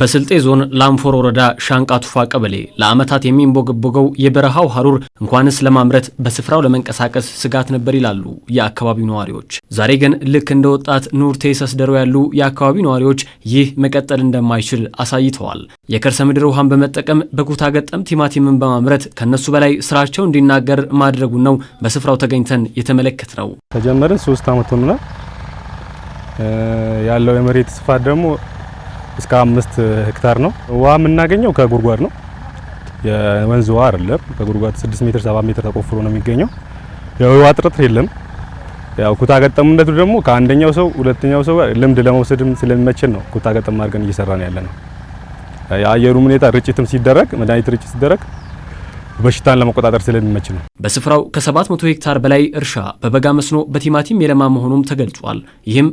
በስልጤ ዞን ላምፎር ወረዳ ሻንቃ ቱፋ ቀበሌ ለዓመታት የሚንቦገቦገው የበረሃው ሐሩር እንኳንስ ለማምረት በስፍራው ለመንቀሳቀስ ስጋት ነበር ይላሉ የአካባቢው ነዋሪዎች። ዛሬ ግን ልክ እንደ ወጣት ኑር ሰስደሮ ያሉ የአካባቢው ነዋሪዎች ይህ መቀጠል እንደማይችል አሳይተዋል። የከርሰ ምድር ውሃን በመጠቀም በኩታ ገጠም ቲማቲምን በማምረት ከእነሱ በላይ ስራቸው እንዲናገር ማድረጉን ነው በስፍራው ተገኝተን የተመለከት ነው። ተጀመረ ሶስት ዓመት ያለው የመሬት ስፋት ደግሞ እስከ አምስት ሄክታር ነው። ውሃ የምናገኘው ከጉድጓድ ነው። የወንዝ ውሃ አይደለም። ከጉድጓድ 6 ሜትር 7 ሜትር ተቆፍሮ ነው የሚገኘው። የውሃ እጥረት የለም። ያው ኩታ ገጠምነቱ ደግሞ ከአንደኛው ሰው ሁለተኛው ሰው ልምድ ለመውሰድም ስለሚመችል ነው ኩታ ገጠም አድርገን እየሰራ ነው ያለ ነው። የአየሩም ሁኔታ ርጭትም ሲደረግ መድኃኒት ርጭት ሲደረግ በሽታን ለመቆጣጠር ስለሚመች ነው። በስፍራው ከ700 ሄክታር በላይ እርሻ በበጋ መስኖ በቲማቲም የለማ መሆኑም ተገልጿል። ይህም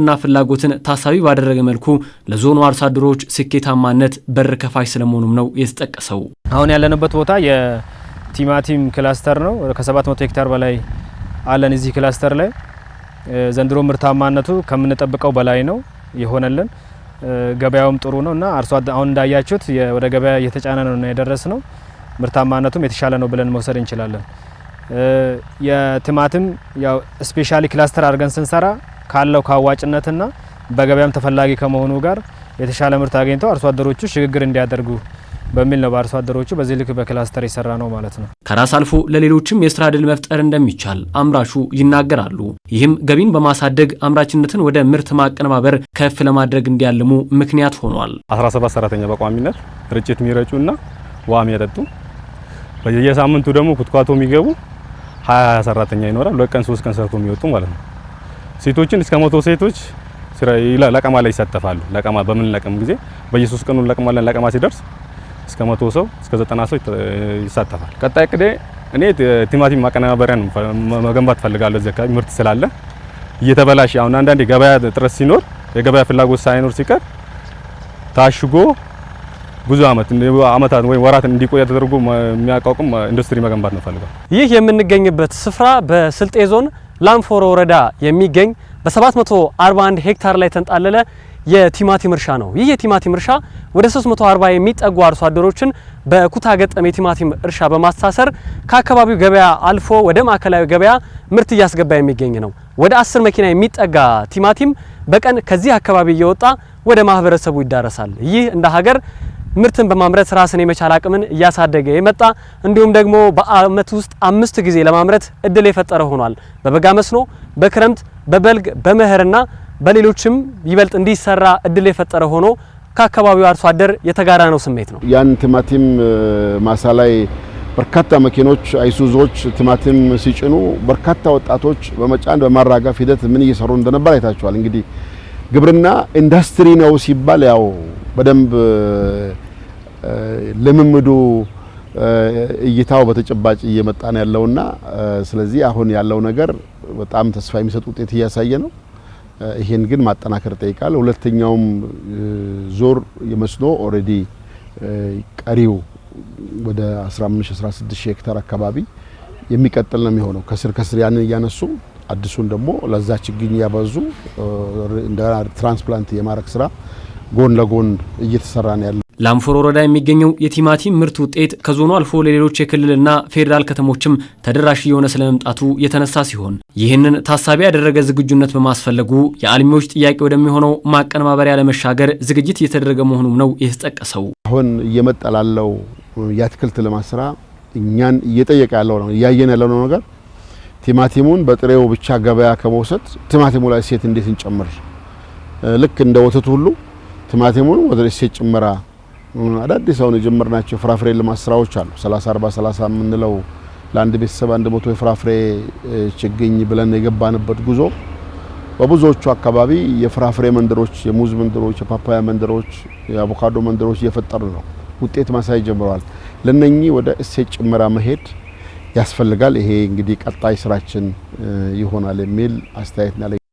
እና ፍላጎትን ታሳቢ ባደረገ መልኩ ለዞኑ አርሶ አደሮች ስኬታማነት በር ከፋሽ ስለመሆኑም ነው የተጠቀሰው። አሁን ያለንበት ቦታ የቲማቲም ክላስተር ነው። ከ700 ሄክታር በላይ አለን እዚህ ክላስተር ላይ ዘንድሮ ምርታማነቱ ከምንጠብቀው በላይ ነው የሆነልን። ገበያውም ጥሩ ነው እና አርሶ አሁን እንዳያችሁት ወደ ገበያ እየተጫነ ነው የደረስ ነው። ምርታማነቱም የተሻለ ነው ብለን መውሰድ እንችላለን። የቲማቲም ያው ስፔሻሊ ክላስተር አድርገን ስንሰራ ካለው ከአዋጭነትና በገበያም ተፈላጊ ከመሆኑ ጋር የተሻለ ምርት አግኝተው አርሶ አደሮቹ ሽግግር እንዲያደርጉ በሚል ነው በአርሶ አደሮቹ በዚህ ልክ በክላስተር የሰራ ነው ማለት ነው። ከራስ አልፎ ለሌሎችም የስራ ድል መፍጠር እንደሚቻል አምራቹ ይናገራሉ። ይህም ገቢን በማሳደግ አምራችነትን ወደ ምርት ማቀነባበር ከፍ ለማድረግ እንዲያልሙ ምክንያት ሆኗል። 17 ሰራተኛ በቋሚነት ርጭት የሚረጩ እና ውሃ የሚያጠጡ በየሳምንቱ ደግሞ ኩትኳቶ የሚገቡ 20 ሰራተኛ ይኖራል። ለቀን 3 ቀን ሰርቶ የሚወጡ ማለት ነው። ሴቶችን እስከ መቶ ሴቶች ስራ ለቀማ ላይ ይሳተፋሉ። ለቀማ በምን ለቀም ጊዜ በየሶስት ቀኑ ለቀማለን። ለቀማ ሲደርስ እስከ መቶ ሰው እስከ ዘጠና ሰው ይሳተፋል። ቀጣይ እቅዴ እኔ ቲማቲም ማቀነባበሪያን መገንባት ፈልጋለሁ። እዚህ አካባቢ ምርት ስላለ እየተበላሽ አሁን አንዳንዴ ገበያ ጥረት ሲኖር የገበያ ፍላጎት ሳይኖር ሲቀር ታሽጎ ብዙ አመት አመታት ወይም ወራት እንዲቆይ ተደርጎ የሚያቋቁም ኢንዱስትሪ መገንባት ነው ፈልገው። ይህ የምንገኝበት ስፍራ በስልጤ ዞን ላንፎሮ ወረዳ የሚገኝ በ741 ሄክታር ላይ የተንጣለለ የቲማቲም እርሻ ነው። ይህ የቲማቲም እርሻ ወደ 340 የሚጠጉ አርሶ አደሮችን በኩታ ገጠም የቲማቲም እርሻ በማስተሳሰር ከአካባቢው ገበያ አልፎ ወደ ማዕከላዊ ገበያ ምርት እያስገባ የሚገኝ ነው። ወደ 10 መኪና የሚጠጋ ቲማቲም በቀን ከዚህ አካባቢ እየወጣ ወደ ማህበረሰቡ ይዳረሳል። ይህ እንደ ሀገር ምርትን በማምረት ራስን የመቻል አቅምን እያሳደገ የመጣ እንዲሁም ደግሞ በአመት ውስጥ አምስት ጊዜ ለማምረት እድል የፈጠረ ሆኗል። በበጋ መስኖ፣ በክረምት፣ በበልግ፣ በመኸርና በሌሎችም ይበልጥ እንዲሰራ እድል የፈጠረ ሆኖ ከአካባቢው አርሶ አደር የተጋራ ነው ስሜት ነው። ያን ቲማቲም ማሳ ላይ በርካታ መኪኖች አይሱዞች ቲማቲም ሲጭኑ በርካታ ወጣቶች በመጫን በማራገፍ ሂደት ምን እየሰሩ እንደነበር አይታችኋል። እንግዲህ ግብርና ኢንዱስትሪ ነው ሲባል ያው በደንብ ልምምዱ እይታው በተጨባጭ እየመጣ ነው ያለውና ስለዚህ አሁን ያለው ነገር በጣም ተስፋ የሚሰጥ ውጤት እያሳየ ነው። ይሄን ግን ማጠናከር ጠይቃል። ሁለተኛውም ዞር የመስኖ ኦልሬዲ ቀሪው ወደ 15 16 ሄክታር አካባቢ የሚቀጥል ነው የሚሆነው። ከስር ከስር ያንን እያነሱ አዲሱን ደግሞ ለዛ ችግኝ እያበዙ እንደ ትራንስፕላንት የማረግ ስራ ጎን ለጎን እየተሰራ ነው ያለው። ላምፎሮ ወረዳ የሚገኘው የቲማቲም ምርት ውጤት ከዞኑ አልፎ ለሌሎች የክልልና ፌዴራል ከተሞችም ተደራሽ እየሆነ ስለመምጣቱ የተነሳ ሲሆን ይህንን ታሳቢ ያደረገ ዝግጁነት በማስፈለጉ የአልሚዎች ጥያቄ ወደሚሆነው ማቀነባበሪያ ለመሻገር ዝግጅት እየተደረገ መሆኑም ነው የተጠቀሰው። አሁን እየመጣ ላለው የአትክልት ልማት ስራ እኛን እየጠየቀ ያለው ነው እያየን ያለው ነው ነገር ቲማቲሙን በጥሬው ብቻ ገበያ ከመውሰድ ቲማቲሙ ላይ እሴት እንዴት እንጨምር፣ ልክ እንደ ወተቱ ሁሉ ቲማቲሙን ወደ እሴት ጭመራ አዳዲስ አሁን የጀመርናቸው ፍራፍሬ ልማት ስራዎች አሉ። 30 40 30 የምንለው ለአንድ ቤተሰብ አንድ መቶ የፍራፍሬ ችግኝ ብለን የገባንበት ጉዞ በብዙዎቹ አካባቢ የፍራፍሬ መንደሮች፣ የሙዝ መንደሮች፣ የፓፓያ መንደሮች፣ የአቮካዶ መንደሮች እየፈጠሩ ነው። ውጤት ማሳይ ጀምረዋል። ለነኚህ ወደ እሴት ጭመራ መሄድ ያስፈልጋል። ይሄ እንግዲህ ቀጣይ ስራችን ይሆናል የሚል አስተያየት